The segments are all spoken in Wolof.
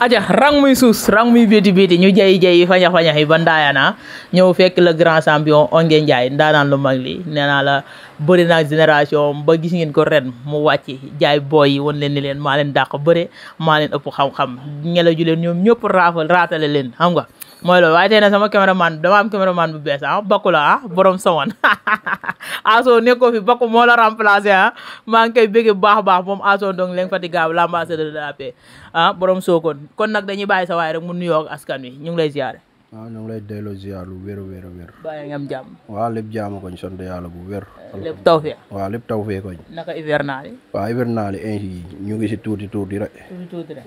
aja rang muy suus rang muy béti béti ñu jayi jayi fañax fañax yi ba ndaayana ñëw fekk la grand champion Ongué Ndiaye ndaanaan lu mag li nee naa la bëri naa génération ba gis ngeen ko ren mu wàcc jaay booy yi wan leen ni leen maa leen dàq bëre maa leen ëpp xam-xam ñela ju leen ñoom ñëpp raafal raatale leen xam nga mooy loolu waaye tey nag sama caméraman dama am caméraman bu bees ah bakku a ah borom sawan aso nekkoo fi bakku moo la remplacé ah maa ngi koy bëgg bu baax a baax moom aso donc l'infatigable l'ambassadeur de la paix ah borom sookoon kon nag dañuy bàyyi sa waay rek mu nuyoo ak askan wi ñu ngi lay ziare. waaw ñu ngi lay delloo ziar lu wér wér wér. bàyyi nga am jàmm. waaw lépp jaamu koñ sant yàlla bu wér. Eh, lépp tawféex. waaw lépp tawféex koñ. naka hivernal yi. waaw hivernal eh, tuuti tuuti rek.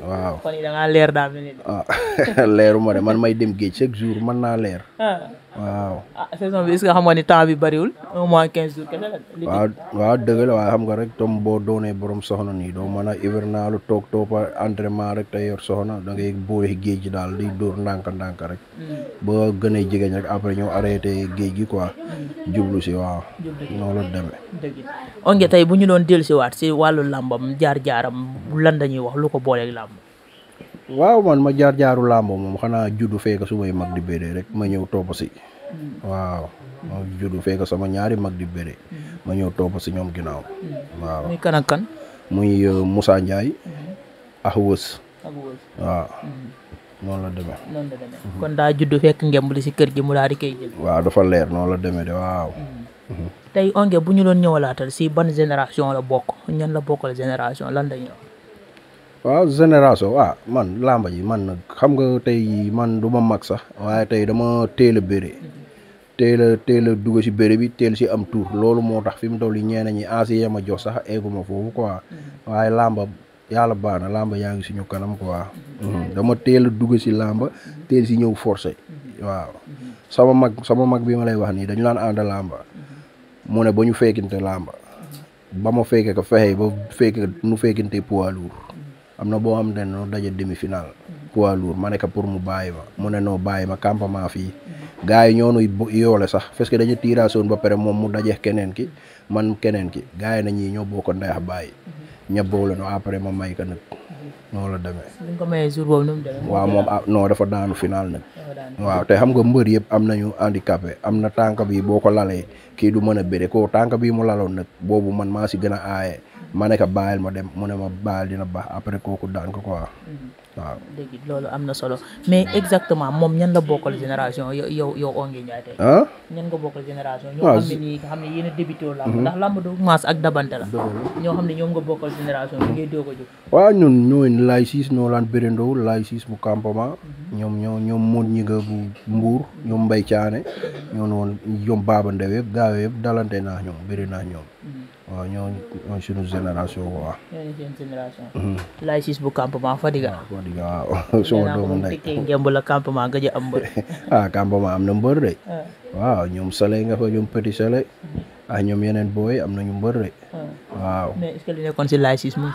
waaw da ngaa leer ma ah leeruma de man may dem géej chaque naa leer. Ah. waaw ah saison bi est-ce xam nga ni temps bi bariwul mois quinze waaw waaw dëgg la waaye xam nga rek tom boo doonee borom soxna nii doo mën a hivernalu toog toppa entraînement rek te yor soxna da ngay boole géej gi daal di dóor ndànk-ndànk rek. Hmm. ba gënee jigéen rek après ñu arrêté géej gi quoi. Hmm. jublu si waaw. noonu la onge tey bu ñu doon dellusiwaat si wàllu làmbam jaar jaaram lan dañuy wax lu ko booleeg làmb. waaw man ma jaar jaaru làmb moom xanaa juddu fekk su may mag di béree rek ma ñëw topp si. Mm-hmm. waaw ma ñaari mag di béree. Mm-hmm. ma ñëw topp si ñoom ginnaaw. Mm-hmm. waaw muy kan muy uh, Moussa Ndiaye. ak Wës. waaw. noonu la demee. noonu la demee kon daa juddu fekk ngemb li si kër gi mu daal di koy jël. waaw dafa leer noonu la demee de waaw. tey Ongué bu ñu doon ñëwalaatal si ban génération la bokk ñan la bokkal génération lan la waaw génération waaw man làmba ji man nag xam nga tey man duma mag sax waaye tey dama teel a bëre teel a teel a dugg si bëre bi teel si am tuur loolu moo tax fi mu toll nii ñeneen ñi ancien ma jox sax eegu ma foofu quoi mm-hmm. waaye làmba yàlla baax na làmba yaa ngi suñu kanam quoi mm-hmm. dama teel a dugg si làmba mm-hmm. teel si ñëw forcé waaw sama mag sama mag bi ma lay wax nii dañu laan ànd làmba mu ne ba ñu fekkinte làmba ba ma fekke ko fexe ba fekke nu fekkinte poids am na boo xam ne noo daje demi final poids lourd ma ne ko pour mu bàyyi ma mu ne noo bàyyi ma campement fii gars yi ñoo nuy yoole sax parce que dañu tiiraasoon ba pare moom mu daje keneen ki man keneen ki gars yi na ñii ñoo bokk ndeex bàyyi ñebboole no après ma may nag noonu la demee. ni waaw moom ah non dafa daanu final nag. waaw te xam nga mbër yëpp am nañu handicapé am na tànk bii boo ko lalee kii du mën a bëre koo tànk bii mu laloon nag boobu man maa si gën a aaye. ma ne ko bàyyil ma dem mu ne ma bàyyil dina baax après kooku daan ko quoi. Mhm. waaw léegi loolu am na solo mais exactement moom ñan la bokkal génération yow yow Ongué Ndiaye a débuté mhm. ndax làmb du maas ak dabante la. ñoo xam ne ñoom nga bokkal génération bi ngay doog a jóg. waaw ñun ñooñu laay siis ñoo laan bérendoo laay siis bu campement. Mhm. ñoom ñoo ñoom Modou Ngingue bu Mbour ñoom Mbaye Thiané ñoo woon ñoom Baba Ndew yëpp gaaw yëpp dalante naa ñoom bëri naa ñoom. waaw ñoo ñoo génération quoi. ñoo ñu mhm. bu campement Fadiga. waaw Fadiga waaw sama doomu ndey. nee am mbër. Ah, am na mbër de. Ah. waaw ñoom Soleil nga fa ñoom Petit Soleil. Mhm. ah ñoom yeneen booy am nañu mbër de. Ah. waaw mais est si Laye Ciss moom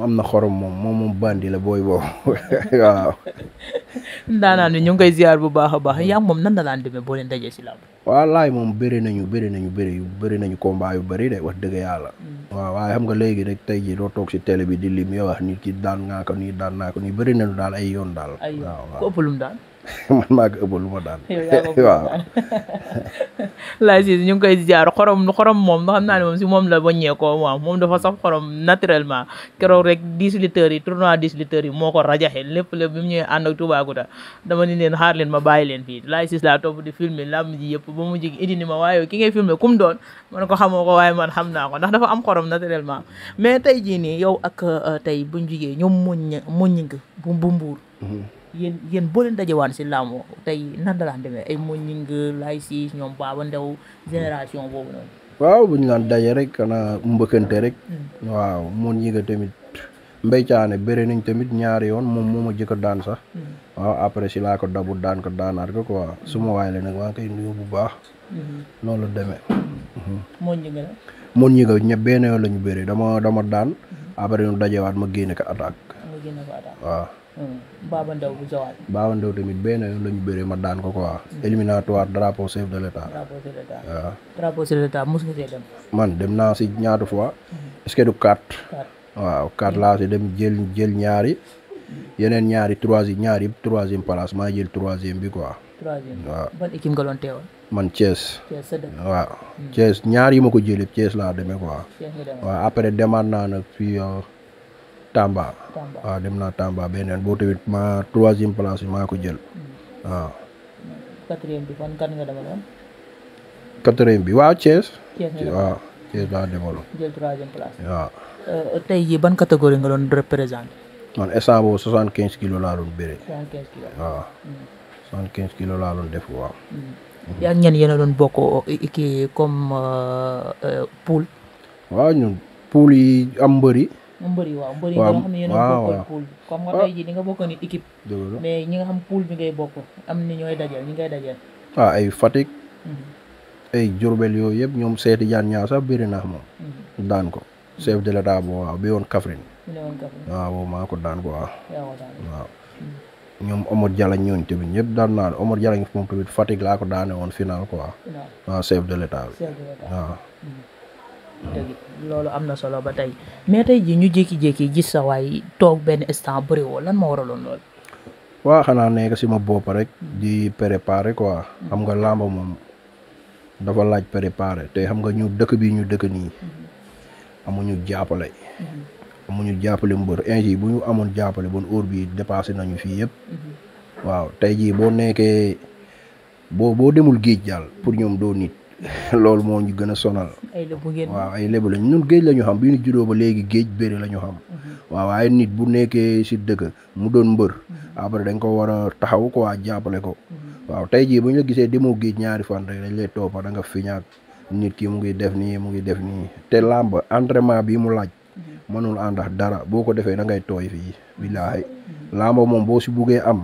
am na xorom moom moom moom bandi la booy boobu waaw. daanaka ñu ngi koy ziar bu baax a baax yaa moom nan la daan demee boo leen dajee si làmb. waaw laay moom bëri nañu bëri nañu bëri yu bëri nañu combat yu bëri de wax dëgg yàlla. Mm. waaw waaye xam nga léegi rek tey jii doo toog si télé bi di lim yow wax nit ki daan naa ko nii daan naa ko nii bëri nañu daal ay yoon daal. man maa ko ëpp lu ma daan. waaw. laaj si ñu ngi koy jaar korom xorom moom xam naa ne moom si moom la baññeekoo waaw moom dafa saf xorom naturellement keroog rek dix litres yi tournoi dix litres yi moo ko rajaxe lépp lépp bi mu ñëwee ànd ak dama ni leen xaar leen ma bàyyi leen fii laaj si laa topp di filmer làmb ji yëpp ba mu jig indi ni ma waaye ki ngay filmer kum doon man ko xamoo ko waaye man xam naa ko ndax dafa am xorom naturellement mais tey jii nii yow ak euh, tey buñ jigee ñoom muñ muñ nga bu yéen yéen boo leen dajewaan si làmb tey nan la daan demee ay Moñing lay si ñoom Baba Ndaw génération boobu noonu. waaw bu ñu naan daje rek xanaa mbëkkante rek. Hmm. waaw Moñing tamit mbéycaane bëre nañ tamit ñaari yoon moom moo ma jëkk daan sax. Hmm. waaw après si laa ko dabu daan ko daanaat ko quoi hmm. su ma waay la nag maa ngi nuyu bu baax. noonu la demee. Moñing la. yoon lañu ñu dama dama daan. après ñu dajewaat ma génne ko attaque. Mm. Baba Ndaw tamit benn yoon la ñu ma daan ko quoi. Mm. éliminatoire drapeau chef de l' man dem naa si ñaata fois. Mm. est ce que du quatre. waaw quatre laa si dem jël jël ñaari yeneen ñaari troisième ñaari yëpp troisième place maa jël troisième bi quoi. waaw man Thiès. Thiès sa ñaar yi ma ko jëlee Thiès laa demee quoi. waaw après demaat naa nag fii. Euh, Tamba. Tamba waaw ah, dem naa Tamba beneen boo tamit maa troisième place bi jël waaw. Hmm. Ah. quatrième bi fan jël troisième place waaw. Euh, tey jii ban catégorie nga doon représenté. man instant boobu soixante quinze kilos laa doon waaw. Hmm. Hmm. yaa ngi ñenn yéen a doon bokk comme euh, euh, poule. waaw ñun poule yi am moom mbër yi waaw mbër yi ah. ni nga bokk ni équipe mais ñi nga xam pool bi ngay bokk am ni ñooy dajal ah, ay Fatick mhm. ay Diourbel yooyu yëpp ñoom seeti jaan ñaaw sax biri naa moom mhm. daan ko chef de l'état bo waaw bi woon Kaffrine waaw maa ko daan ko waaw mhm. ñoom Omar Jalañ ñooñu tamit ñëpp daan naa Omar Jalañ moom tamit Fatick laa ko daane woon final quoi waaw chef de l'état bi loolu am na solo ba tey mais tey ji ñu jékki-jékki ji sa waay toog benn instant bëri lan moo waraloon loolu. waa xanaa nekk si ma bopp rek di préparer quoi xam nga làmb moom dafa laaj préparer te xam nga ñu dëkk bi ñu dëkk nii amuñu jàppale. amuñu jàppale mbër inji bu ñu amoon jàppale bon heure bi dépassé nañu fii yëpp. Mhm. waaw tey jii boo nekkee boo boo demul géej daal pour ñoom doo nit. loolu moo ñu gën a sonal. waaw ay lébu lañ géej la ñu xam bi ñu juddoo ba léegi géej bëri la xam. Mhm. waaw waaye nit bu nekkee si dëkk mu doon mbër. Mhm. après dañ ko war a taxaw quoi jàppale ko. Mhm. waaw tey jii bu ñu la gisee demoo géej ñaari fan dañ lay toppa da nga fi nit ki mu ngi def nii mu ngi def nii te làmb entraînement bi mu laaj. mënul ànd ak dara boo ko defee da tooy fii billaahi làmb moom boo si buggee am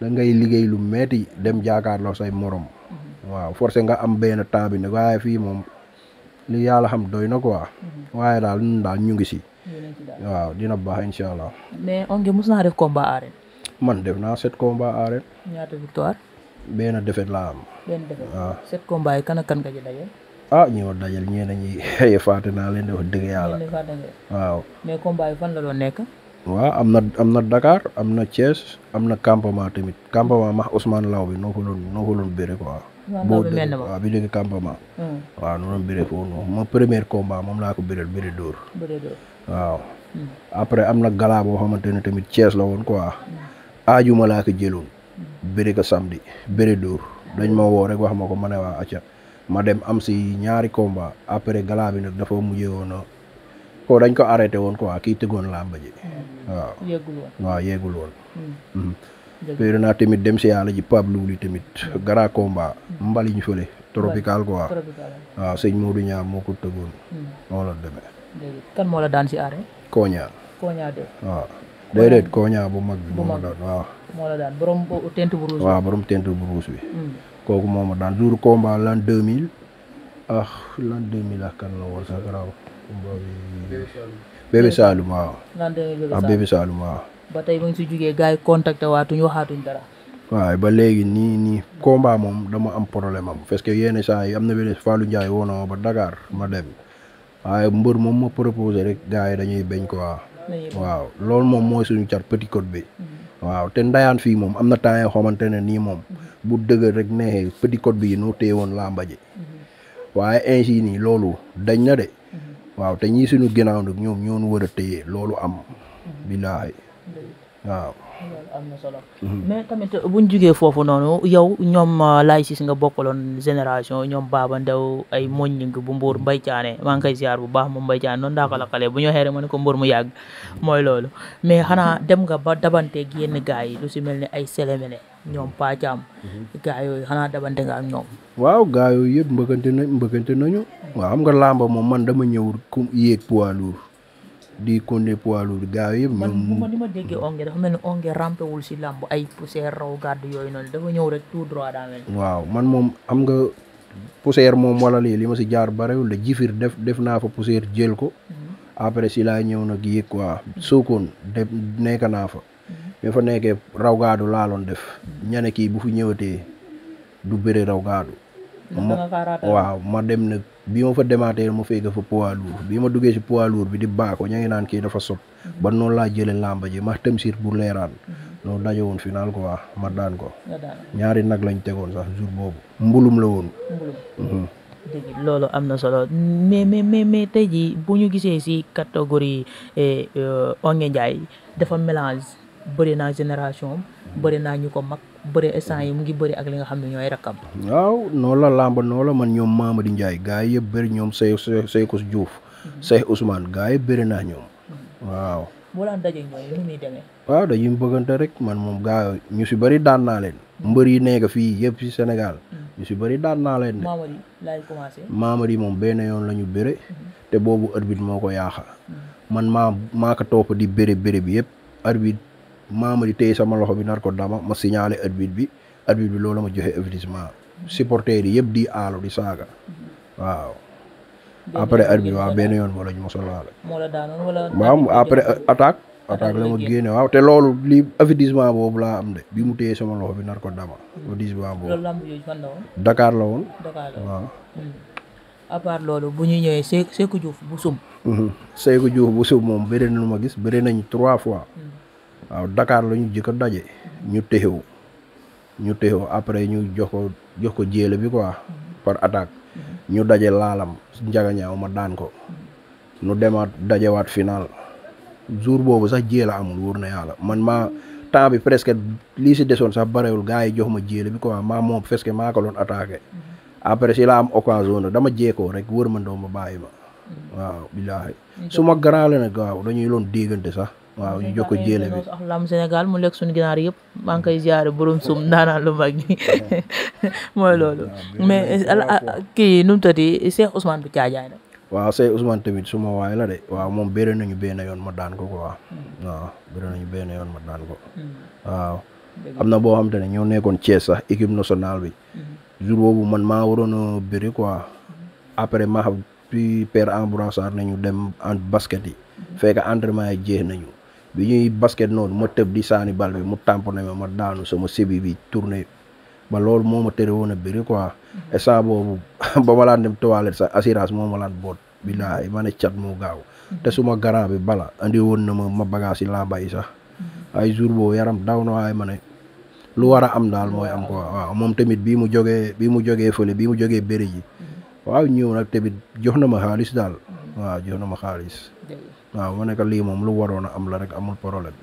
da ngay liggéey lu metti dem jaakaarloo say morom. waaw force nga am benn temps bi ne waaye fii moom li yàlla xam doy na ko quoi. Mhm. waaye daal ñun daal ñu ngi si. waaw dina baax incha allah. mais Ongué mos naa def combat arène. man def naa sept combat arène. ñaata victoire. benn défaite laa am. benn défaite ah. yi kan ak kan nga ci dajal. ah ñoo ñi fàtte naa leen di wax dëgg yàlla. waaw. mais combat yi fan la doon nekk. waaw am na am na Dakar am na Thiès am na campement tamit campement max Ousmane Law bi noo ko doon ko doon boo dëgg waaw bi dëgg hmm. waaw noonu bëree foofu noonu ma premier moom laa ko bëreel bëri door hmm. après am na gala boo xamante ne tamit Thiès la woon quoi hmm. aajuma laa ko jëloon bëri ko samedi bëri door dañ ma woo rek wax ma ko ma ne wax acca ma dem am si ñaari combat après gala bi nag dafa mujjee woon ko dañ ko arrêté woon quoi kii tëggoon làmba ji waaw waaw yéegul woon féeri naa tamit dem si yàlla ji Pape Louli tamit grand combat hmm. mbali ñu fële tropical quoi waaw sëñ Modou Niang moo ko tëggoon moo hmm. la demee kan moo la daan si aare Koña Koña Koña bu mag bi moo ma daan waaw moo la daan borom tent bu bi hmm. kooku moo ma daan jour combat l'an 2000 ah l'an kan la woon sax garaaw combat bi Bébé ba tey ba nga si jugee gars yi contacté waatuñ waxaatuñ dara. waaw ba léegi nii nii combat moom dama am problème am parce que yenn saa yi am na benn Fallou Ndiaye woo na ba Dakar ma dem waaye mbër moom ma proposé rek gars yi dañuy bañ quoi. waaw loolu moom mooy suñu car petit code bi. Mm-hmm. waaw te ndayaan fii moom am na temps yoo xamante ne nii moom mm-hmm. bu dëgër rek neexee petit code bi noo téye woon làmba ji mm-hmm. waaye ainsi nii loolu dañ na de waaw te ñii suñu ginnaaw nag ñoom ñoo wër a téye loolu am waaw am na solo mm-hmm. mais tamit buñ jugee foofu noonu yow ñoom uh, laay sis nga bokkaloon génération ñoom Baba ay ay moññing bu mbuur Mbay Caane maa ngi koy bu baax moom Mbay Caane noonu daa ko ma ne ko mbuur mu yàgg mooy loolu mais xanaa dem nga ba dabante yenn gars yi lu si mel ni ay Sélémélé ñoom paajaam mm-hmm. gars xanaa dabante nga ak ñoom waaw gars yooyu yëpp mbëkkante nañ mbëkkante nañu waaw xam nga làmba moom man dama ñëwul ku yéeg poids di konde poids lourd gaaw yëpp. man ma déggee onge dafa ni onge rampé si làmb ay poussière raw gàddu yooyu noonu dafa ñëw rek tout droit waaw man moom am nga poussière moom wala lii li ma si jaar barewul la jifir def def naa fa poussière jël ko. Mhm. après si laa ñëw nag yéeg quoi sookoon de nekk naa fa. Mhm. mais fa nekkee raw gaadu laaloon def. Mhm. ñane kii bu fi ñëwatee du bëre raw gaadu. ma waaw ma dem nag. bi ma fa démarrer ma fekk fa poids lourd bi ma duggee si poids lourd bi di baako ña ngi naan kii dafa sob mhm. ba noonu laa jëlee làmba ji ma Tamsir bu leeraan mhm. loolu daje woon final quoi ma daan ko. ñaari nag lañ tegoon sax jour boobu mbulum la woon. Mhm. dëgg loolu am na solo mais mais mais mais tey jii bu ñu gisee si catégorie eh, euh, Ongué Ndiaye dafa mélange bëri naa génération bëri naa ñu ko mag. bëre instant yi mu ngi bëri ak li nga xam ne ñooy rakkam. waaw noonu la làmb noonu la man ñoom Mamadi Ndiaye gars yi yëpp bëri ñoom Sey Seykous juuf mhm. say Ousmane gaa yi bëri naa ñoom. Mhm. waaw. boo daan daje bëggante rek man moom gars ñu si bari daan naa leen. Mhm. mbër yi nekk fii yëpp si Sénégal. ñu si bari daan naa leen. Mamadi laay moom benn yoon la ñu bëre. te boobu arbitre moo ko yaaxa. man maa maa ko topp di bëre bëre bi yëpp arbitre maama di téye sama loxo bi nar ko dama ma signalé arbitre bi arbitre bi loolu ma joxe avertissement supporters yi yëpp di aalu di saaga waaw après arbitre waaw benn yoon moo la ñu mosa après attaque attaque la ma génne waaw te loolu li avertissement boobu laa am de bi mu téye sama loxo bi nar ko dama avertissement boobu Dakar la woon waaw hmm. à part bu ñu ñëwee Seeku Diouf bu sum mhm. Seeku Diouf bu sum moom bëri na nu ma gis bëri nañu trois fois hmm. waaw dakaar la ñu jëkk daje ñu téxewu ñu téxewu après ñu jox ko jox ko jéele bi quoi par attaque ñu daje laalam njagañaaw ma daan ko nu daje waat final jour boobu sax jéela amul wóor na yàlla man maa temps bi presque lii si desoon sax barewul gars yi jox ma jéele bi quoi maa moom presque maa ko doon attaqué après si la am occasion dama jeekoo rek wër ma ndoo ma bàyyi ma mm. waaw billaahi mm. su ma grand la nag waaw dañuy loon déggante sax waaw ñu jokko jéele bi ak lam Sénégal mu lekk suñu ginaar yëpp maa ngi koy ziare borom sum ndaanaan lu mag ñi mooy loolu mais euh, kii nu mu tëddee Cheikh Ousmane bu caajaay nag waaw Cheikh Ousmane tamit su ma la de waaw moom béré nañu benn yoon ma daan ko quoi hmm. waaw béré nañu benn yoon ma daan ko hmm. waaw am na boo xam te ne ñoo nekkoon Thiès sax équipe nationale bi hmm. jour boobu man maa waroon a bëri quoi après ma xam puis père en brassard nañu dem an basket yi fekk entraînement yi jeex nañu bi ñuy basket noonu ma tëb di saani bal bi mu tamponné ma ma daanu sama sibi bi tourné ba loolu moo ma tere woon a bëri quoi mhm. instant boobu ba ma laan dem toilette sax assurance moo ma laan boot billaahi ay ne cat moo gaaw mhm. te suma garant bi bala andi woon na ma ma bagage yi lamba yi sax mhm. ay jour boobu yaram daw na waaye ma lu war a am daal mooy am quoi waaw moom tamit bii mu jógee bii mu joge fële bi mu jógee bëri ji waaw ñëw nag tamit jox na ma xaalis daal waaw jox na ma xaalis waaw ma ne ko lii moom lu waroon a am la rek amul problème.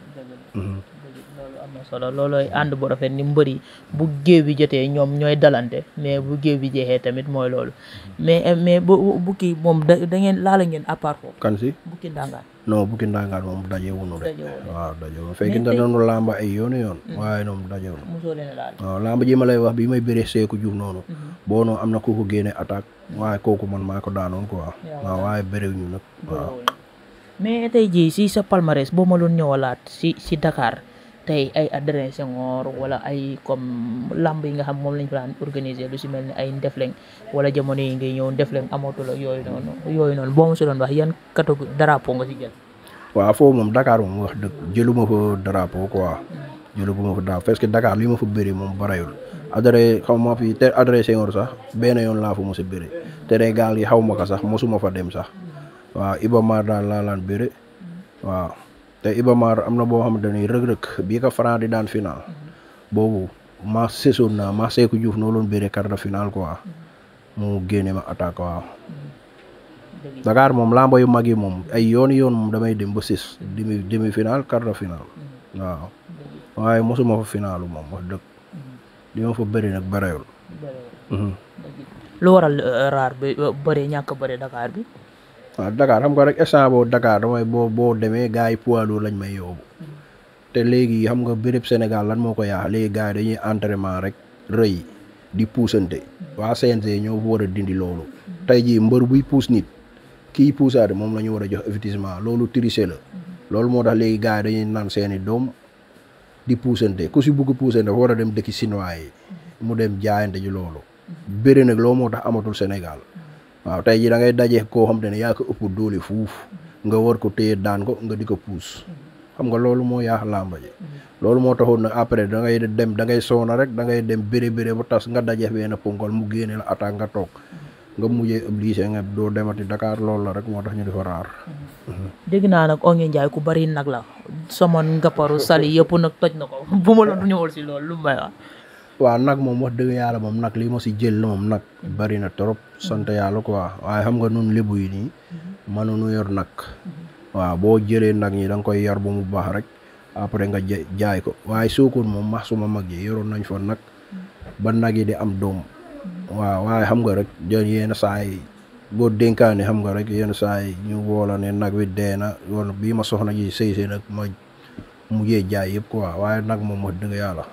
am na solo loolooy ànd bu ni mbër yi bu géew bi jotee ñoom ñooy dalante bu géew bi jeexee tamit mooy loolu mais eh, mais bu moom da da ngeen laala ngeen à part foofu kan si bukki ndangaan non moom daje wunu rek waaw daje wunu fekk na doonu làmba yoon mm-hmm. waaye moom daje ma lay wax bi may béré seeku jub noonu mm-hmm. boo noonu am na kooku génne attaque mm-hmm. waaye kooku man maa ko daanoon quoi waaw waaye béréw ñu nag waaw mais tey jii si sa palmarès boo ma doon ñëwalaat si si Dakar tey ay Adrien Senghor wala ay comme lamb yi nga xam moom lañ fa daan organiser lu si mel ni ay Ndefleng wala jamono yi ngay ñëw Ndefleng amatul ak yooyu noonu yooyu noonu boo ma si doon wax yan catégorie daraapo nga si jël. waaw foofu moom Dakar moom wax dëgg jëluma fa drapeau quoi jëluma fa drapeau parce que Dakar li ma fa bëri moom barayul adré xaw ma fi te Adrien Senghor sax benn yoon laa fa mos a bëri yi xaw ma ko sax mosuma fa dem sax. waaw Ibamar daal laa laan bëre waaw te Ibamar am na boo xamante ni rëg-rëg bii ko Franc daan final boobu maa seesoon naa maa seeku Diouf noo loon bëre quart de finale quoi mu génne ma attaque waaw. Dakar moom lamba yu mag yi moom ay yoon yoon moom damay dem ba six demi demi final quart de waaw waaye mosuma fa finalu moom wax dëgg li ma nag bëreewul. Mhm. lu waral euh, raar bi euh, bëri ñàkk bëri Dakar bi. waaw Dakar xam nga rek instant boo Dakar damay boo boo demee gars yi poids lourd lañ may yóbbu te léegi xam nga béréb Sénégal lan moo ko yaa léegi gars yi dañuy entraînement rek rëy di puusante waa CNG ñoo war a dindi loolu tey jii mbër buy puus nit kii puusaate moom la ñu war a jox avertissement loolu triché la loolu moo tax léegi gars yi dañuy naan seeni doom di puusante ku si bugg puusante war a dem dëkki Sinoa yi mu dem jaayante ji loolu bëri nag loo moo tax amatul Sénégal waaw tey ji da ngay daje koo xam te ne yaa ko ëpp doole fuuf nga war ko téye daan ko nga di ko puus xam nga loolu moo yaax làmba ji loolu moo taxoon nag après da ngay dem da ngay soona rek da ngay dem béré béré bu tas nga daje benn ponkal mu génne la attaque nga toog nga mujjee obligé nga doo demati Dakar loolu la rek moo tax ñu di fa raar. dégg naa nag Ongué Ndiaye ku bari nag la somon nga paru sali yëpp nag toj na ko bu ma la ñëwal si loolu waaw nag moom wax dëgg yàlla moom nag lii ma si jël moom nag bari na trop sant yàlla quoi waaye xam nga nun lébu yi nii mhm. mënuñu yor nag mhm. waaw boo jëlee nag ñi da nga koy yar bu mu baax rek après nga jaay ko waaye suukur moom max suma mag yi yoroon nañ fa nag mhm. ba nag yi di am doom waaw waaye xam nga rek jël yenn saa yi boo dénkaane xam nga rek yenn saa yi ñu woola ne nag wi dee na woon bii ma soxna ji sëy sëy nag ma mujjee jaay yëpp quoi waaye nag moom wax dëgg yàlla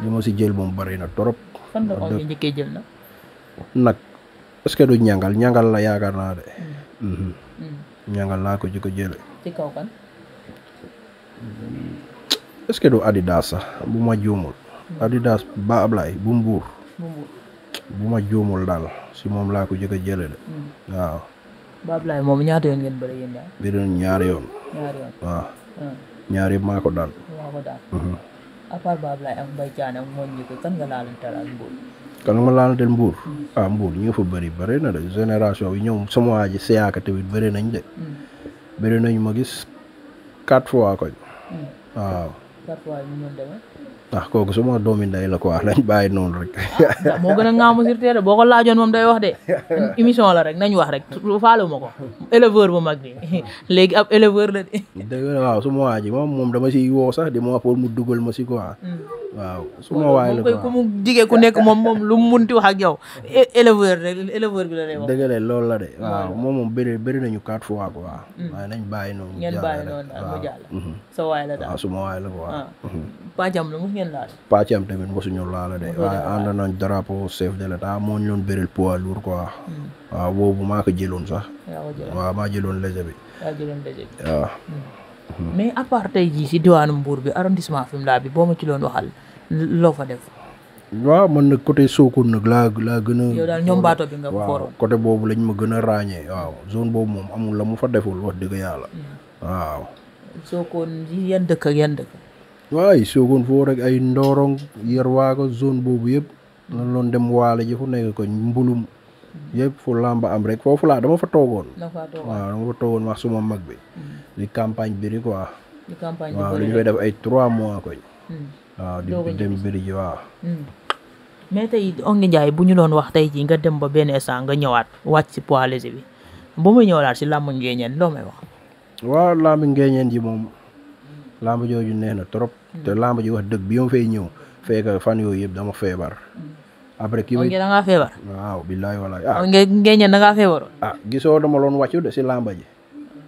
li ma si jël moom bari na trop. fan nag est que du ñangal ñangal la yaakaar naa de. Mm. Mm-hmm. Mm. ñangal laa ko jëkk a jële ci mm. ce que du Adidas sax bu ma juumul. Adidas ba Ablaye bu Mbuur. bu ma juumul daal si moom laa ko jëkk a jële de. waaw. ba Ablaye moom ñaata yoon ngeen bëri daal. yoon. ñaari yoon waaw. Ah. ñaari maa ko à part Baaba Laay ak Mbaye Thiane ak Moñ ko kan nga laalanteel ak Mbour. kan nga laalanteel Mbour. ah Mbour ñu nga fa bëri bëri na de génération bi ñoom sama waa ji seyaaka tamit bëri nañ de. Hmm. bëri nañ ma gis quatre fois koñ. Hmm. waaw. quatre fois ñu mën demee. ko ndax kooku suma doomi ndey la quoi nañ bàyyi noonu rek. Ah, moo gën a ŋaamu sur terre boo ko laajoon moom day wax de émission la rek nañ wax rek faalu ma ko éleveur bu mag bi léegi ab éleveur la de. dëgg la waaw suma waa ji moom moom dama siy woo sax di ma wax mu dugal ma si quoi. Mm. waaw su ma waay la ko ku mu jigee ku nekk moom moom lu mu munti wax ak yow éleveur rek éleveur bi la loolu la de waaw moom moom bëri bëri nañu quatre fois quoi. Mm. waaye nañ bàyyi noonu. mu jàll. Mm-hmm. sa waay la daal waaw su ma la ko waaw. Ah. Mm-hmm. Pàccam la mos ngeen laal. Pàccam tamit mosuñu laala de waaye ànd nañ drapeau chef de l'état moo ñu doon bëril poids lourd quoi. Mm. waaw boobu maa ko jëloon sax. waaw maa jëloon léger bi. maa jëloon léger bi waaw. Mm. Mm-hmm. mais à part tey jii si diwaanu Mbour bi arrondissement Fimela bi boo ma ci doon waxal loo fa def. waaw man nag côté Sokone nag laa laa gën a. yow daal waaw côté boobu lañ ma gën a ràññee waaw zone boobu moom amul la mu fa deful wax dëgg yàlla. Mm. waaw. Sokone yan dëkk ak yan dëkk. waay Sokone foo rek ay Ndorong Yerwaago zone boobu yëpp. lan loon dem waale ji fu nekk ko mbulum. yëpp fu làmba am rek foofu laa dama fa toogoon. waaw dama fa toogoon wax suma mag bi. li mm. campagne bi rek quoi. li campagne bi waaw li ñu koy def ay trois mois koñ. Mm. waaw di dem bëri ji hmm. mais tey Ongué bu ñu doon wax tey jii nga dem ba benn instant nga ñëwaat wàcc si poids léger bi ba muy ñëwaat si làmb ngeeñeen loo may wax. waaw làmb ngeeñeen ji moom làmb jooju nee na trop. Hmm. te làmb ji wax dëgg bi ma fay ñëw fekk fan yooyu yëpp dama feebar. Hmm. après kii may Ongué da ngaa feebar. waaw billaay walaay ah Ongué ngeeñeen da ngaa feebaroon. ah gisoo dama loon wàccu de si làmb ji.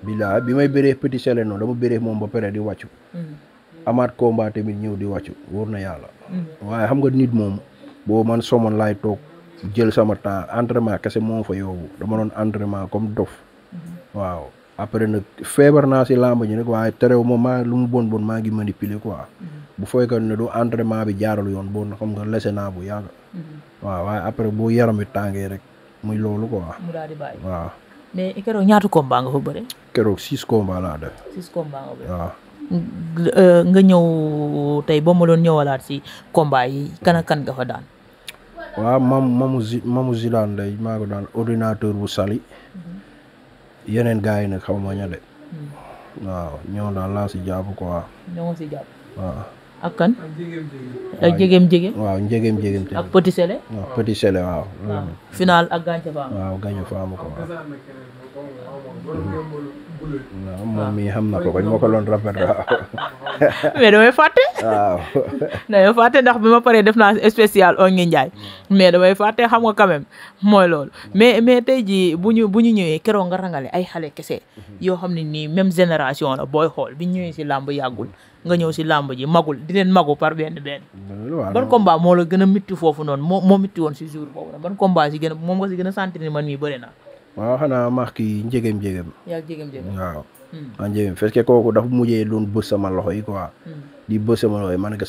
billaay bi may bëree petit sele noonu dama bëree moom ba pare di wàccu. amaat combat tamit ñëw di wàccu wóor na yàlla. Mm. waaye xam nga nit moom boo man soman laay toog jël sama temps entraînement kese moo fa yóbbu dama doon entraînement comme dof. Mm-hmm. waaw après nag feebar naa si làmb ji nag waaye ma maa lu mu bon bon maa ngi manipuler mm-hmm. yoon bon xam nga lese naa bu yàgg. Mm-hmm. waaw waaye après boo yaram it tàngee rek muy loolu quoi. mu daal di bàyyi waaw. waaw. nga ñëw tey boo ma doon ñëwalaat si combat yi kan ak kan nga fa daan. waaw mam mamu zi zilaan day maa ko daan ordinateur bu sali yeneen gars yi nag xaw ma de. waaw ñoo daal laa si jàpp quoi. ñoo si jàpp. waaw. ak kan. ak jegem jegem. waaw jegem jegem. ak petit sele. waaw sele waaw. final ak gàncax faamu ko waaw. waaw moom mii xam na ko bañ ma ko doon rafet waaw mais damay fàtte ndax bi ma paree def naa spécial Ongué Ndiaye mais damay fàtte xam nga quand mooy loolu mais mais tey jii bu ñu bu ñu ñëwee keroog nga rangale ay xale kese yoo xam ne nii même génération la booy xool bi ñëwee si lamb yàggul nga ñëw si làmb ji magul di magu par benn benn ban combat moo la gën a mitti foofu noonu moo moo mitti woon si jour boobu nag ban combat si moom si gën a sentir ni man mii bëri naa waaw xanaa marque yi njëgëm njëgëm. waaw. Hmm. maa njëgëm fekkee kooku dafa mujjee doon bës sama loxo yi quoi. Hmm. di bës sama loxo yi ma ne ko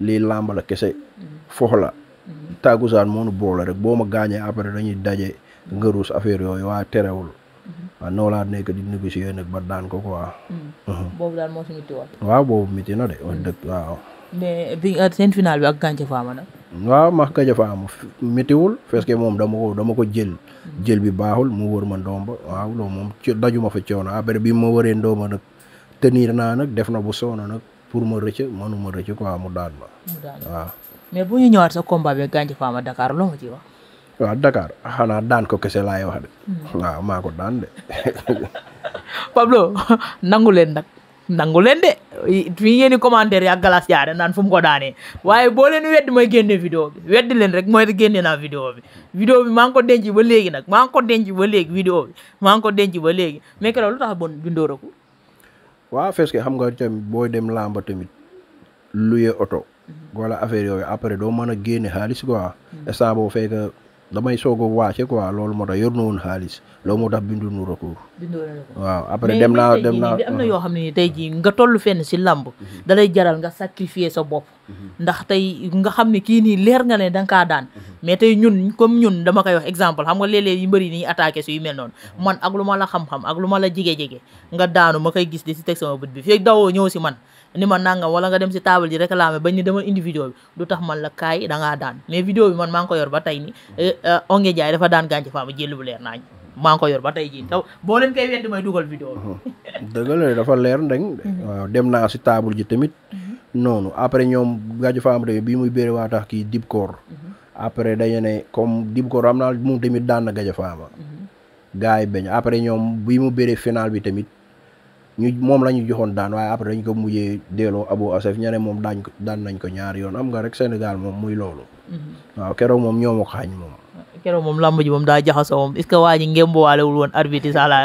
lii làmb la kese. Hmm. fox la. tàggusaan moo nu boole rek boo ma gaañee après dañuy daje nga ruus affaire yooyu waa terewul. a noonu laa nekk di négocier nag ba daan ko quoi. boobu daal moo si métti woon. waaw boobu métti na de wax dëgg euh, moom dama ko dama ko jël. jël bi mu wër ma ndomba waaw loolu moom ci dajuma fa coono après bi ma wëree ndomba nag tenir naa nag def na bu soono nag pour ma rëcc mënu ma rëcc quoi mu daan ma. mu daan waaw. mais bu ñu ñëwaat sa combat bi Gandia Fama Dakar loo ma ci wax. waaw Dakar xanaa daan ko kese laay de. Hmm. waaw maa ko daan de. Pablo nangu leen nangu leen de fii ngeen di commentaire yi ak galas jaare naan mu ko daanee waaye boo leen weddi mooy génne vidéo bi weddi leen rek mooy génne naa vidéo bi bi maa ngi ko denc ba léegi nag maa ngi ko denc ba léegi vidéo bi maa ngi ko denc ba léegi mais keroog lu tax bon bindoo ko. waaw fees xam nga tamit booy dem làmba tamit luye oto. Mm-hmm. wala affaire yooyu après doo mën a génne xaalis quoi. instant boobu fekk damay soog a wàcce quoi loolu moo tax yor na woon xaalis loolu moo tax bindu nu recours. bindu recours waaw après dem naa dem naa. mais am na yoo xam ne tey jii nga toll fenn si làmb. Mhm. da jaral nga sacrifier sa bopp. Mhm. ndax tey nga xam ne kii nii leer nga ne da kaa daan. Mhm. mais tey ñun comme ñun dama koy wax exemple xam nga léeg-léeg yu bëri ni attaqué yu mel noonu. man ak lu ma la xam-xam ak lu ma la jege jege nga daanu ma koy gis di si teg sama bët bi fii dawoo ñëw si man. ni ma nangam wala nga dem si table ji rek réclamer bañ ni dama indi vidéo bi du tax man la kaay da ngaa daan mais vidéo bi man maa ngi ko yor ba tey ni eh, Ongué Ndiaye dafa daan gàncax faama jël bu leer naañ maa ngi ko yor ba tey jii taw boo leen koy weddi may dugal bi dëgg la dafa leer ndeng mhm. dem naa si taabul ji tamit mhm. noonu après ñoom gàncax faama tamit bii muy béere waa tax kii dib koor mhm. après dañu ne comme dib koor am naa moom tamit daan na gàncax faama yi bañ après ñoom mu béere final bi tamit ñu moom la ñu joxoon daan waaye après dañ ko mujjee delloo Abu Asaf ñeneen moom daañ ko daan nañ ko ñaari yoon am nga rek Sénégal moom muy loolu. Mhm. keroog moom ñoo ma xaañ moom. keroog moom lamb ji moom daa jaxasoo moom est ce que waa ji ngeen woon arbitre sax la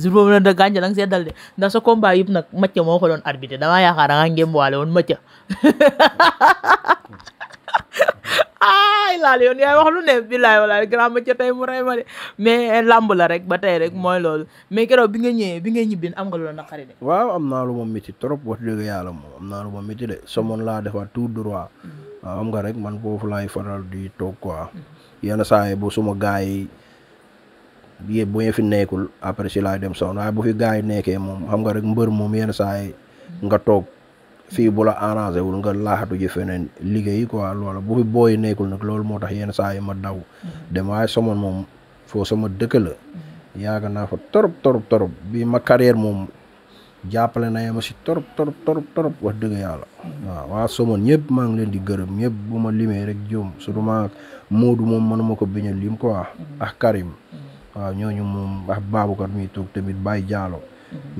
jour boobu nag da gàncax da nga seetal de ndax sa combat yëpp nag Mathia moo ko arbitre damaa yaakaar da ngaa ngeen boowaale woon Mathia laay laal yoon yaay wax lu ne billaay walaay grand ma ca tey mu rey ma de mais làmb la rek ba tey rek mooy loolu mais keroog bi nga ñëwee bi nga ñibbin am nga loolu naqari de waaw am naa lu ma métti trop wax dëgg yàlla moom am naa lu ma métti de somoon laa defaat tout droit mm-hmm. waaw am nga rek man foofu laay faral di toog quoi yenn saa yi bu suma gars yi yëpp bu ñu fi nekkul après si laay dem sonn waaye bu fi gars yi nekkee moom xam nga rek mbër moom yenn saa yi nga toog fii bu la wul nga laaxatu ji feneen liggéey quoi loola bu fi booy nekkul nag loolu moo tax yenn saa yi ma daw mm-hmm. dem waaye Somone moom foo sama dëkk la mm-hmm. yàgg naa fa torop torop torop bi ma carrière moom jàppale na ma si torop torop torop torop wax dëgg yàlla mm-hmm. waaw waa Somone ñëpp maa ngi leen di gërëm ñëpp bu ma limee rek jom surtout ma Moodu moom mënuma ko bañ lim quoi a Karim waaw ñooñu moom ak Babacar mi toog tamit Baye Diallo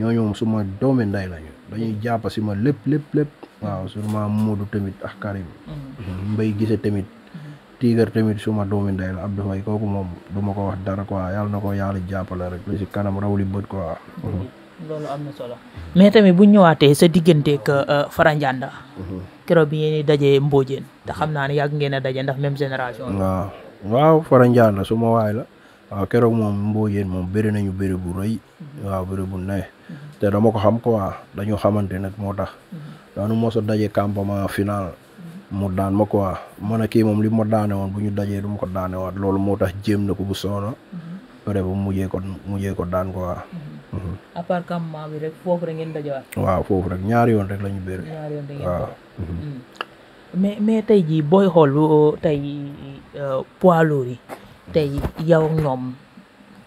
ñooñu moom suma doomi ndey lañu dañuy jàpp si ma lépp lépp lépp waaw sûrement Modou tamit ak Karim mm-hmm. Mbaye Guissé tamit mm-hmm. Tiigar tamit suma doomi ndey la Abdou Faye kooku moom du ma ko wax dara quoi yàlla na ko yàlla jàppale rek li si kanam raw li bët quoi mm-hmm. loolu am solo mais tamit bu ñëwaatee sa digganteeg euh, euh, Fara Ndianda keroog bi ngeen di dajee Mbodiène te xam naa ne yàgg ngeen a ndax même génération waaw waaw Fara la waaw keroog moom Mbodiène moom bëri nañu ñu bu rëy waaw bëri bu te dama ko xam quoi dañoo xamante ne moo tax. Mm-hmm. daanu mos a daje campement final. mu daan ma quoi man a kii moom li mo daane woon bu ñu dajee du ma ko daane waat loolu moo tax jéem na ko bu soona mm-hmm. pare ba mujjee ko mujjee ko daan mm-hmm. bi rek foofu ngeen dajewaat. waaw foofu rek ñaari yoon rek lañu ñu bëri. ñaari mm. mais mais tey jii booy xool euh, tey euh, poids lourd yi tey yow ñoom.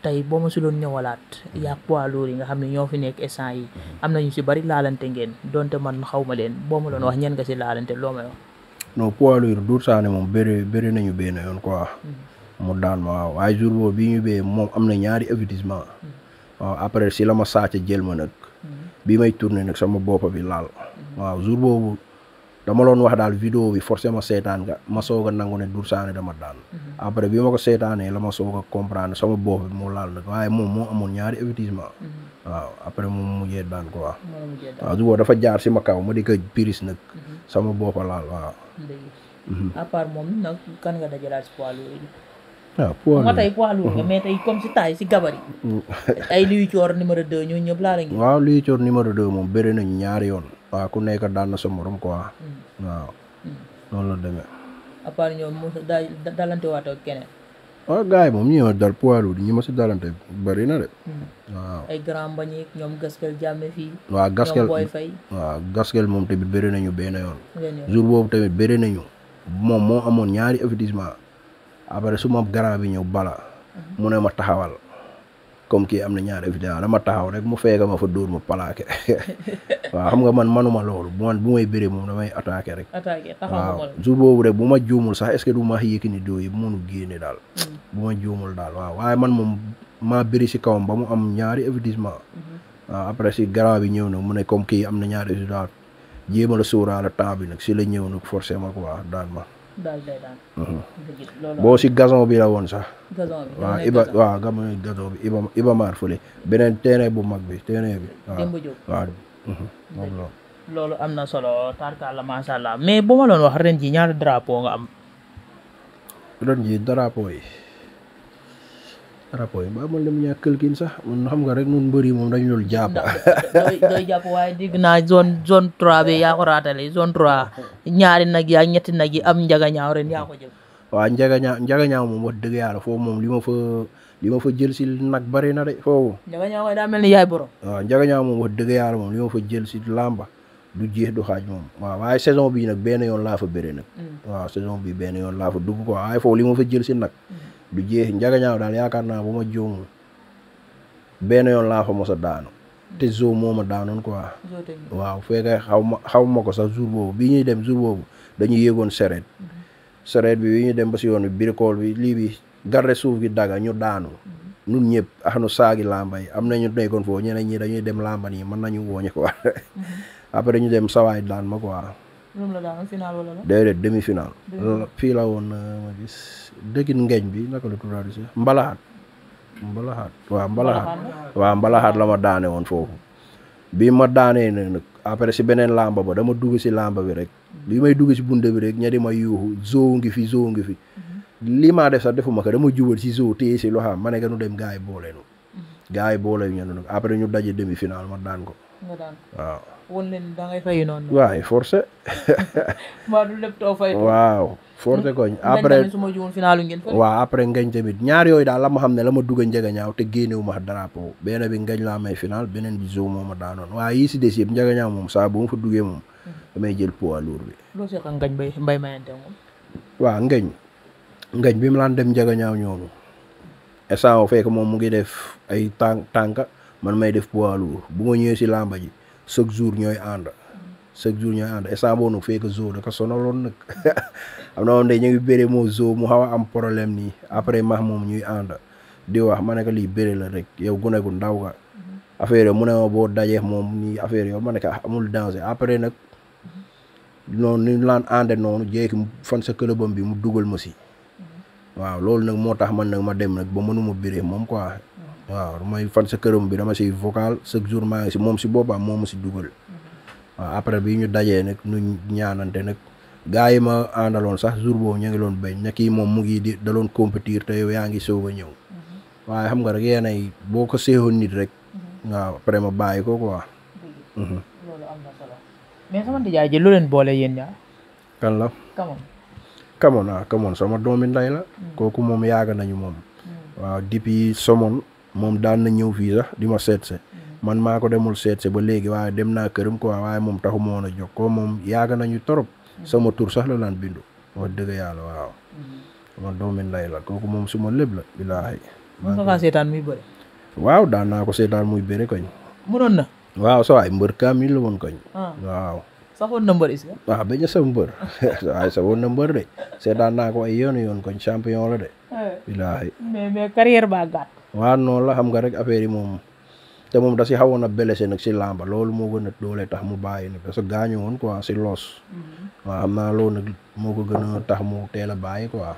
tey boo ma si doon ñëwalaat mm-hmm. yaa poids lourds yi nga xam ne ñoo fi nekk instant yi mm-hmm. am nañu si bari laalante ngeen donte man xaw ma leen boo ma loon wax mm-hmm. ñen nga si laalante loo may wax. non poids lourds Doudou Sané moom bëri bëri nañu benn yoon quoi. mu daan ma waaw waaye jour boobu bi ñu bee moom am na ñaari avertissement. waaw après si la ma sàcc jël ma nag. bi may tourné nag sama bopp bi laal. waaw jour boobu. dama loon wax daal vidéo bi forcément ma seetaan nga ma soog a nangu ne Dour Sané dama daan mhm. après bi ma ko seetaanee la ma soog a comprendre sama bopp bi moo laal nag waaye moom moo amoon ñaari avertissement mhm. waaw après moom mujjee daan ko waaw du boo dafa jaar si kaw ma di ko piris nag mhm. sama bopp laal waaw nag kan nga dajalaat si poids lourd waaw ah, poids lourd moo tey poids lourd nga mais tey si taay si gabar yi mm. ay Liu Thior numéro 2 ñooñu ñëpp laa ngi waaw Liu Thior numéro 2 moom bëri nañ ñaari yoon waaw ku nekk daan na sa morom quoi. Mm. waaw mm. noonu la demee. à part ñoom mu dalante waat ak keneen. waaw gars yi moom ñu ñëw dal poids lourd ñi ma si dalante bëri de. Mm. waaw ay grand bañik ñoom gaskel jàmme fii. waaw gaskel moom tamit bëri nañu benn yoon. jour boobu tamit bëri nañu. moom moo amoon ñaari avertissement après su ma grand bi ñëw bala. Mm-hmm. mu ne ma taxawal. comme kii am na ñaari évidemment dama taxaw rek mu feega ma fa dóor ma plaqué waaw xam nga man manuma loolu bu man bu may bëree moom damay attaqué rek waaw su boobu rek bu ma juumul sax est du ma Yékini doo yi bu mënu génne daal mm. bu ma juumul daal waaw waaye man moom ma bëri si kawam ba mu am ñaari avertissement mm-hmm. waaw après si grand bi ñëw na mu ne comme kii am na ñaari résultat jéem a la sóoraale temps nag si la ñëw nag forcément quoi daan ma daal day mhm. boo si gazon bi la woon sax. gazon bi waaw Iba waaw gazon beneen terrain bu mag bi terrain bi. Mhm, loolu am na solo tarkaal la macha allah mais bu ma doon wax ren ji ñaari drapeau nga am. ren ji drapeau rapport yi ba man la mu ñàkk këlkin sax man xam nga rek nun mbëri moom dañu dul jàpp doy jàpp waaye dégg naa zone zone trois bi yaa ko raatale zone trois ñaari nag yaa ñetti nag yi am njagañaaw ren yaa ko jël waaw njagañaaw njagañaaw moom wax dëgg moom li ma fa li fa jël si nag bari na de foofu njagañaaw mel ni yaay borom waaw njagañaaw moom moom li fa jël si lamba du jeex du xaaj moom waaw waaye saison bii nag benn yoon laa fa bëre nag mm. waaw saison bi benn nag mm. du jeex njagañaaw daal yaakaar naa bu ma juumul benn yoon laa fa mos a daanu te zoo moo ma daanoon quoi. waaw fekkee xaw ma xaw ma ko sax jour boobu bi ñu dem jour boobu dañuy yéegoon sareet. sareet mhm. bi bi ñuy dem ba si yoon bi bricole bi lii bi garde suuf gi daga ñu daanu. ñun mhm. ñëpp ax ah, nu saagi làmba yi am na ñu nekkoon foofu ñeneen ñi dañuy dem làmba nii mën nañu wooñu quoi mhm. après ñu dem sawaay daan ma quoi. moom la daal final demi final. Euh, fii la woon euh, ma gis dëggin ngeeñ bi naka la tuddaati sax mbalaxaat. mbalaxaat waaw mbalaxaat waaw mbalaxaat la ma daane woon foofu. bi ma daanee nag après si beneen lamba ba dama dugg si lamba bi rek. bi may dugg si bunde bi rek ña di ma yuuxu zoo ngi fi zoo ngi fi. Mhm. li maa def sax defuma ko dama jubal si zoo téye si loxaam ma ne nu dem gars yi boole nu. Mhm. gars yi boole ñu nag après ñu daje demi final ma daan ko. nga daan waaw. woon leen da ngay fay noonu. waay forcé. mbaa du lépp too fay. waaw forcé koñ. après ngeen tamit ñaar yooyu daal la ma xam ne la ma dugg a njëga ñaaw te génnewu ma drapeau benn bi ngañ laa may final beneen bi zo moo ma daanoon waaye yii si des yëpp njëga ñaaw moom saa bu ma fa duggee moom. Mm-hmm. damay jël poids lourd bi. loo seq bay mbay mayante moom. waaw bi mu laan dem njëga ñaaw ñoomu. instant fekk moom mu ngi def ay tànk tànk. man may def poids bu ma ñëwee si làmba ji chaque jour ñooy ànd chaque jour ñooy ànd instant boobu nag fekk zoo da ko sonaloon nag am na woon de ñu ngi moo zoo mu xaw a am problème nii après max moom ñuy ànd di wax ma ne lii béré la rek yow gune gu ndaw nga affaire yo mu ne moom nii affaire yo ma ne ko amul danger après nag noonu ni laan ànde noonu jékki fan sa këlëbam bi mu dugal ma si waaw loolu nag moo tax man nag ma dem nag ba mënuma béré moom quoi waaw mooy fan sa këram bi dama si vocal chaque jour maa ngi si moom si boppam moo si dugal mhm. waaw après bi ñu dajee nag ñu ñaanante nag gars yi ma àndaloon sax jour boobu ñu ngi loon bañ nekk yi moom mu ngi di da doon compétir yaa ngi soog a ñëw mhm. xam nga rek yéenay boo ko seexoon nit rek waaw mhm. après ma bàyyi ko quoi. loolu am la. kamoon kamoon ah kamoon sama doomi ndey la. Mm. kooku moom yaaga nañu moom. Mm. waaw depuis somon moom daan na ñëw fii sax di ma seetse mm-hmm. man maa ko demul seetse ba léegi waaye dem naa këram ko waaye moom ta ma woon a jóg ko moom yaaga nañu torop mm-hmm. sama tur sax la daan bindu wax yàlla waaw mm-hmm. man doomi ndey la la billaahi nga seetaan muy bëri waaw daan naa ko seetaan mu bëri koñ mënoon na waaw sa waay mbër kaamil la woon koñ ah. waaw saxoon na mbër ah, a sa mbër waaye na mbër de seetaan naa ko ay yoon yoon koñ champion la de eh. billaahi waaw noonu la xam nga rek affaire yi moom te moom da si xawoon a blessé nag si làmba loolu moo gën a doole tax mu bàyyi nag parce que gaañu woon quoi si loos. Mm-hmm. waaw xam naa moo ko gën a tax mu teel a bàyyi quoi.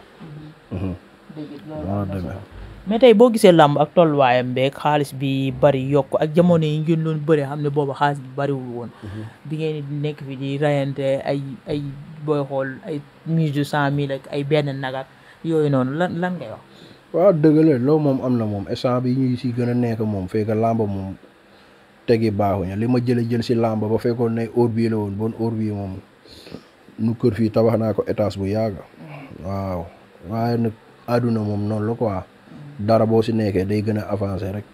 Mm-hmm. Mm-hmm. dëgg boo gisee làmb ak tolluwaayam beeg xaalis bi bari yokk ak jamono yi ngeen doon bari xam ne boobu xaalis bi bariwul woon. bi ngeen nekk fi di rayante ay ay booy xool ay mise de cent mille ak ay benn nagat yooyu noonu lan lan ngay wax. waaw dëgg loo moom am na moom instant bi ñu si gën a nekk moom fekk làmb moom tegi baaxuñu li ma jële jël si làmba ba fekkoon ne heure bii la woon bon heure bii moom nu kër fii tabax naa ko étage bu yàgg waaw waaye nag àdduna moom noonu la quoi dara boo si nekkee day gën a avancé rek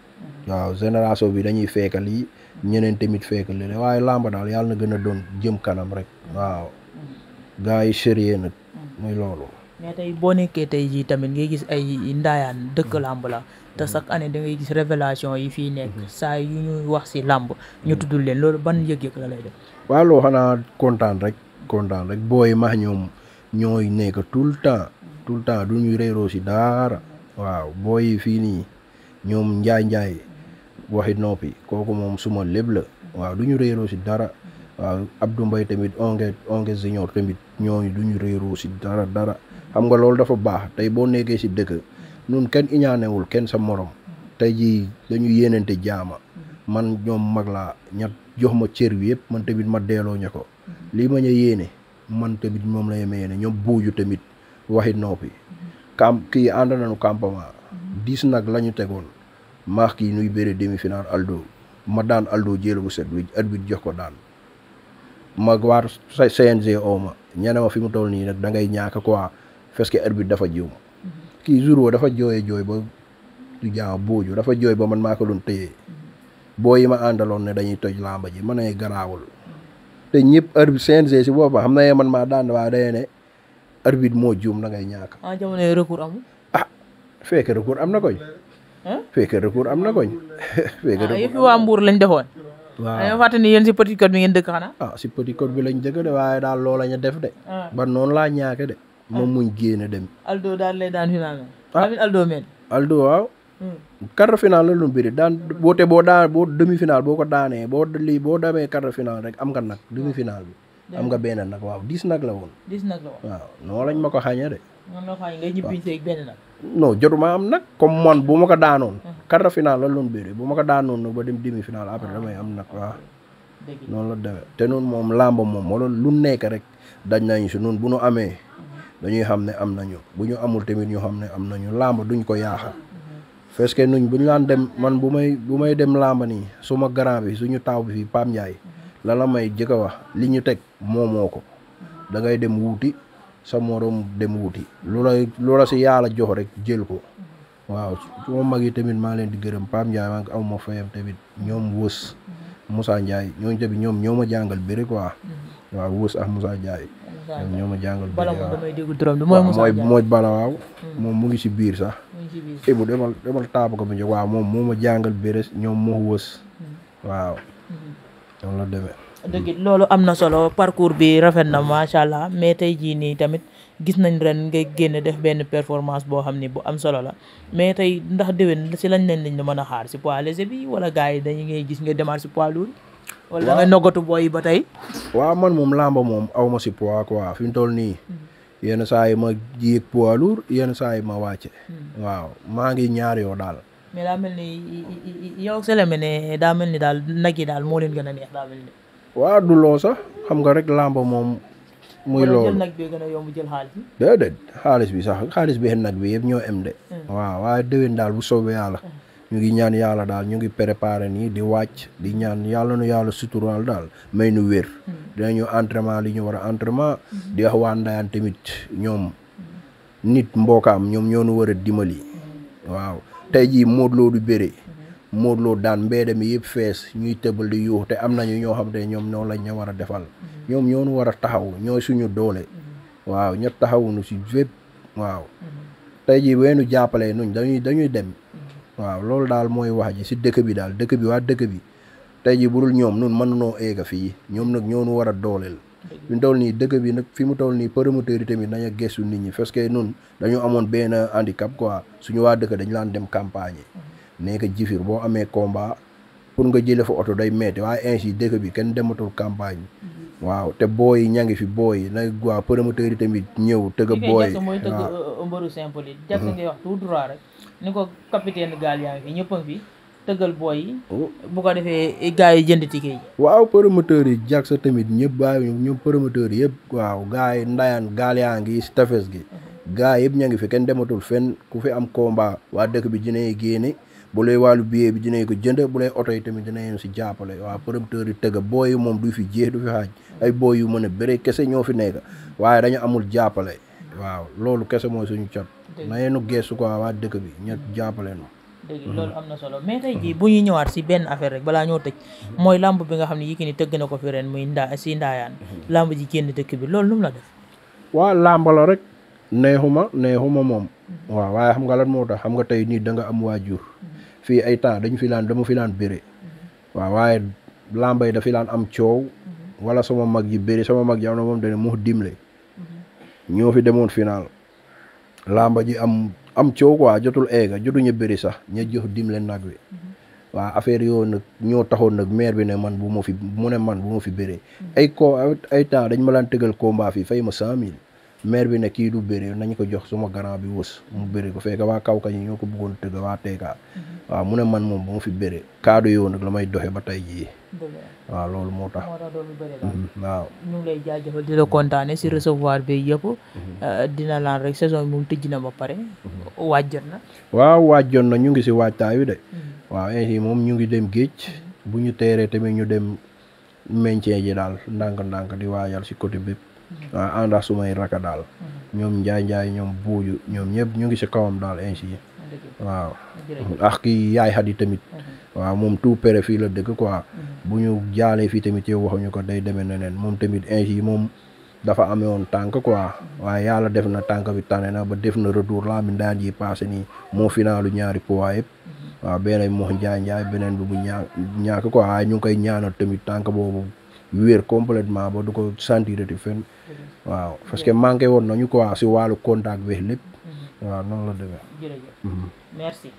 waaw génération bi dañuy fekkal yi ñeneen tamit fekkal li waaye làmba daal yàlla na gën a doon jëm kanam rek waaw gars yi sérieux nag muy loolu mais tey boo nekkee tey jii tamit ngay gis ay ndaayaan dëkk làmb la te chaque année da ngay gis révélation yi fii nekk mhm. saa yu ñuy wax si làmb ñu mhm. tuddul leen loolu ban yëg-yëg la lay kontaan rek kontaan rek booy max ñoom ñooy nekk tout le temps tout le temps du ñuy réeroo si daara waaw booy fii nii ñoom njaay njaay waxi noppi kooku moom suma lépp la waaw du ñu réeroo si dara waaw Abdou Mbaye tamit onge onge junior tamit ñooñu du ñu réeroo si dara dara xam nga loolu dafa baax tey boo nekkee si dëkk nun kenn iñaanewul kenn sa moroom tey jii dañu yéenante jaama man ñoom mag laa ña jox ma cër bi yëpp man tamit ma deeloo ña ko lii ma ñu yéene man tamit moom la ñu yéene ñoom buuju tamit waxi noppi kam kii ànd nañu campement dix nag lañu tegoon maax kii nuy bëre demi-finale Aldo ma daan Aldo jël bu set wicc arbitre jox ko daan mag waar CNG oo ma ñene ma fi mu toll nii nag da ngay ñaaka quoi parce que arbitre dafa jiw kii jour woo dafa jooyee jooy ba du jaaw dafa jooy ba man maa ko doon tëyee boo yi ma àndaloon ne dañuy toj làmba ji mën a garaawul te ñëpp arbitre CNG si boppam xam na man maa daan waa day ne arbitre moo juum da ngay ñàkk. ah jamono yi recours a ah fekk recours am na koñ. fekk recours am na koñ. fekk ah, recours yëpp waa Mbour a defoon. waaw dañoo ah, fàtte ni yéen si Petite Côte bi ngeen dëkk xanaa. ah si Petite Côte ah. laa ñaake de. moom mooy génn dem. Aldo daan lay daan final. Ah. amiin Aldo meen. Aldo waaw. Hmm. quart finale la lu bëri daan boo te boo daan boo demi finale boo ko daanee boo lii boo demee quart finale rek am nga nag ah. demi finale bi. am nga benn nag waaw dix nag la woon. dix nag la waaw noonu lañ ma ko xàññee de. noonu la ko nag. comme man bu ma ko daanoon. Ah. quart finale la lu bëri bu ma ko daanoon nag ba dem demi finale après damay am nag noonu la demee te noonu moom làmb moom wala lu nekk rek daj nañ si noonu bu nu amee. dañuy xam ne am nañu bu ñu amul tamit ñu xam ne am nañu làmb duñ ko yaaxal parce que nuñ bu ñu laan dem man bu may bu may dem làmb nii suma grand bi suñu taw bi fii Pam Ndiaye la la may jëkk a wax li ñu teg moomoo ko dangay dem wuuti sa morom dem wuuti lu la si yàlla jox rek jël ko waaw suma mag yi tamit maa leen di gërëm Pam Ndiaye maa ngi am ma tamit ñoom wës Moussa Ndiaye ñooñu tamit ñoom ñoo ma jàngal bi rek waa waaw wës ak Moussa Ndiaye ñoom ñoo ma jàngal. bala moom damay bi mooy Moussa Ndiaye mooy bala waaw. Hmm. moom mu ngi si biir sax. mu ngi si biir Ibou demal demal taabu ko bu njëkk waaw moom moo ma jàngal béres ñoom moo wës. Hmm. waaw. Hmm. noonu la demee. dëgg loolu am na solo parcours bi rafet na macha allah mais tey boo xam ni bu la mais tey ndax déwén si lañ leen lañ mën a xaar si poids léger bi wala gars yi dañu ngay gis nga démarrer si poids lourd. wala da nga noggatu yi ba tey. waaw man moom làmba moom aw ma si poids quoi fi mu nii. yenn saa yi ma yéeg poids lourd yenn saa yi ma wàcce. Hmm. waaw maa ngi ñaar yoo daal. mais daa mel ni yow Sélé ne daa mel ni daal nag yi daal moo leen gën a neex daa mel ni. waaw du loo sax xam nga rek làmba moom. muy lool jël nag bi gën a xaalis bi. déedéet xaalis bi sax nag bi yëpp ñoo em de. Hmm. waaw waaye déwén daal bu soobee yàlla. Hmm. ñu ngi ñaan yàlla daal ñu ngi préparé nii di wàcc di ñaan yàlla nu yàlla suturaal daal may nu wér mm-hmm. ñu entraînement li ñu war a entraînement mm-hmm. di tamit ñoom nit mbookaam ñoom ñoo war a dimbali mm-hmm. waaw tey jii Modou du bëre Modou daan mbedd mi yëpp fees ñuy tëbal di yuux te am nañu ñoo xam te ñoom noonu lañ ñu war a defal ñoom ñoo nu war a taxaw ñooy suñu doole waaw ña taxawuñu si fépp waaw tey jii weenu jàppale nuñ dañuy dem waaw loolu daal mooy wax ji si dëkk bi daal dëkk bi waa dëkk bi tey ji burul ñoom nun mën noo eega fii ñoom nag ñoonu war a dooleel fi mu toll nii dëkk bi nag fi mu toll nii promoteur yi tamit nañu gëstu nit ñi parce que nun dañu amoon benn handicap quoi suñu waa dëkk dañu laan dem campagne nekk jifir boo amee combat pour nga jële fa oto day metti waaye ainsi dëkk bi kenn dematul campagne waaw te booy ña ngi fi booy nag waa yi tamit ñëw tëgg a booy. mooy tëgg euh, euh, yi. jàpp mm-hmm. ngay wax tout droit rek ni ko capitaine gaal yi. Oh. bu ko defee eh, gars yi jënd ticket waaw promoteur yi jag sa tamit ñëpp bàyyi ñoom promoteur yëpp. waaw gars yi ndayaan gaal yaa ngi si tefes gi. Mm-hmm. gars yëpp ña ngi fi kenn dematul fenn ku fi am komba waa dëkk bi dinañ génne. bu lay wàllu billet bi dinañ ko jënd bu lay oto yi tamit dinañ si jàppale waa promoteur yi tëgg booy moom du fi jeex du fi xaaj yu mën a bëre kese ñoo fi nekk waaye dañu amul jàppale waaw loolu kese mooy suñu cat nañu nu gestu waa dëkk bi ñu jàppale hmm. am na solo mais hmm. bu ñuy ñëwaat si benn affaire rek balaa ñoo tëj hmm. mooy lamb bi nga xam ne Yékini tëgg na ko fi ren muy ndaa si ndaayaan lamb ji génn dëkk bi loolu lu mu la def waa lamb la rek neexuma neexuma moom waaw waaye xam nga lan moo tax xam nga tey nii da nga am waajur fii ay temps dañu fi laan dama fi bëre mhm. waaw waaye làmba yi dafi laan am coow mhm. wala sama mag yi bëre sama mag yi am na moom dane mu dimle mhm. ñoo fi demoon final làmba ji am am coow quoi jotul eega jotuñu bëri sax ña dimle nag wi waaw affaire yoo nag ñoo taxoon nag maire bi ne man bu fi mu ne man bu ma fi bëree ay ko ay temps dañ ma laan tëgal combat fii fay ma cent maire bi ne kii du bëre nañ ko jox suma grand bi wës mu bëre ko fekk waa kaw kañ ñoo ko bëggoon tëgg waa teeka mm-hmm. waaw mu ne man moom ba mu fi bëre kaadu yow nag la may doxe ba tey jii waaw loolu moo tax mm-hmm, waaw ñu ngi lay jaajëfal di kontaane si mm-hmm. recevoir bi yëpp euh, dina rek saison moom tëj na ba pare waajjoon na waaw waajjoon na ñu ngi si waajtaayu de waaw ainsi eh, moom ñu ngi dem géej bu ñu teeree tamit ñu dem meñcee ji daal ndànk-ndànk di waajal si côté bépp waaw mm-hmm. ah, ànd ak sumay rakk daal mm-hmm. ñoom njaay njaay ñoom buuju ñoom ñëpp ñu ngi si kawam daal ainsi waaw ak kii yaay xadi tamit mm-hmm. waaw moom tout péré fii la dëkk quoi bu ñu jaalee fii tamit yow waxuñu ko day demee neneen moom tamit ainsi moom dafa amewoon tànk quoi waaye yàlla def na tànk bi tane na ba def na retour laa mi ndaan ji passé nii moo finaalu ñaari poids yëpp waaw beneen moo njaay njaay beneen bi bu ñaa ñàkk waaye ñu ngi koy ñaanal tamit tànk boobu wéer complètement du ko sentirati fenn waaw parce que manqué woon nañu quoi si wàllu contact bi lépp mhm. waaw noonu la jërëjëf mhm. merci.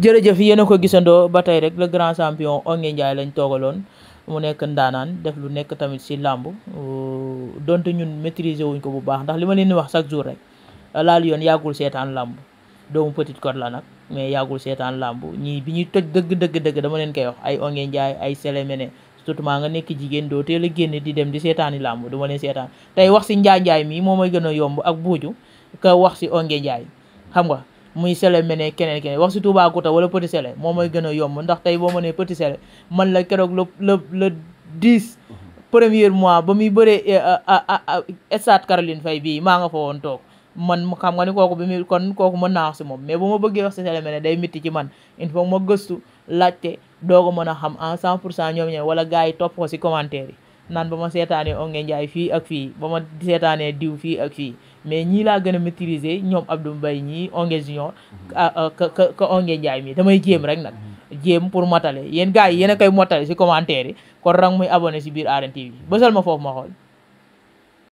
jërëjëf yéen ko gisandoo ba tey rek la grand champion Ongué Ndiaye lañ toogaloon mu nekk ndaanaan def lu nekk tamit si làmb donte ñun maîtriser wuñ ko bu baax ndax li ma leen di wax chaque jour rek laal yoon yàggul seetaan làmb doomu Petite Côte la nag mais yàggul seetaan làmb ñii bi ñuy tëj dëgg dëgg dëgg dama leen koy wax ay Ongué Ndiaye ay Séléméné surtout maa nga nekk jigéen doo teel a génn di dem di seetaani làmb du ma leen seetaan tey wax si njaajaay mii moo may gën a yomb ak buuju ka wax si onge jaay xam nga muy sele mene keneen keneen wax si Toubacouta wala Petit Sélé moom may gën a yomb ndax tey boo ma nee Petit Sélé man la keroog la le le dix mois ba muy bëree eh, stade Caroline Faye bii maa nga fa woon toog man xam nga ni kooku bi muy kon kooku mën naa wax si moom mais bu ma bëggee wax si sele day métti ci man il faut ma gëstu dooga mën a xam en cent pour cent ñoom ñoom wala gars yi topp ko si commentaire yi naan ba ma seetaanee Ongué Ndiaye fii ak fii ba ma seetaanee diw fii ak fii mais ñii laa gën a maîtriser ñoom Abdou Mbaye ñii Ongué Junior ka ka ka Ongué Ndiaye damay jéem rek nag mhm. jéem pour motale yéen gars yi yéen a koy si commentaire yi kon rang muy abonné si biir Arène TV bësal ma foofu ma xool